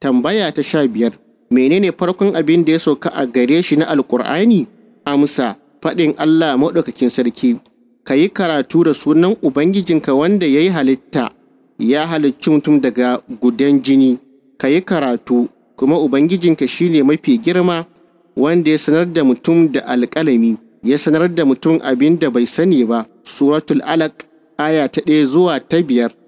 Tambaya ta sha biyar, menene farkon abin da ya sauka a gare shi na Alƙur'ani? Amsa, faɗin Allah maɗaukakin sarki, ka yi karatu da sunan Ubangijinka wanda ya yi halitta, ya halicci mutum daga gudan jini, ka yi karatu, kuma Ubangijinka shi ne mafi girma, wanda ya sanar da mutum da alƙalami, ya sanar da mutum abin da bai sani ba, Suratul Alaq, aya ta ɗaya zuwa ta biyar.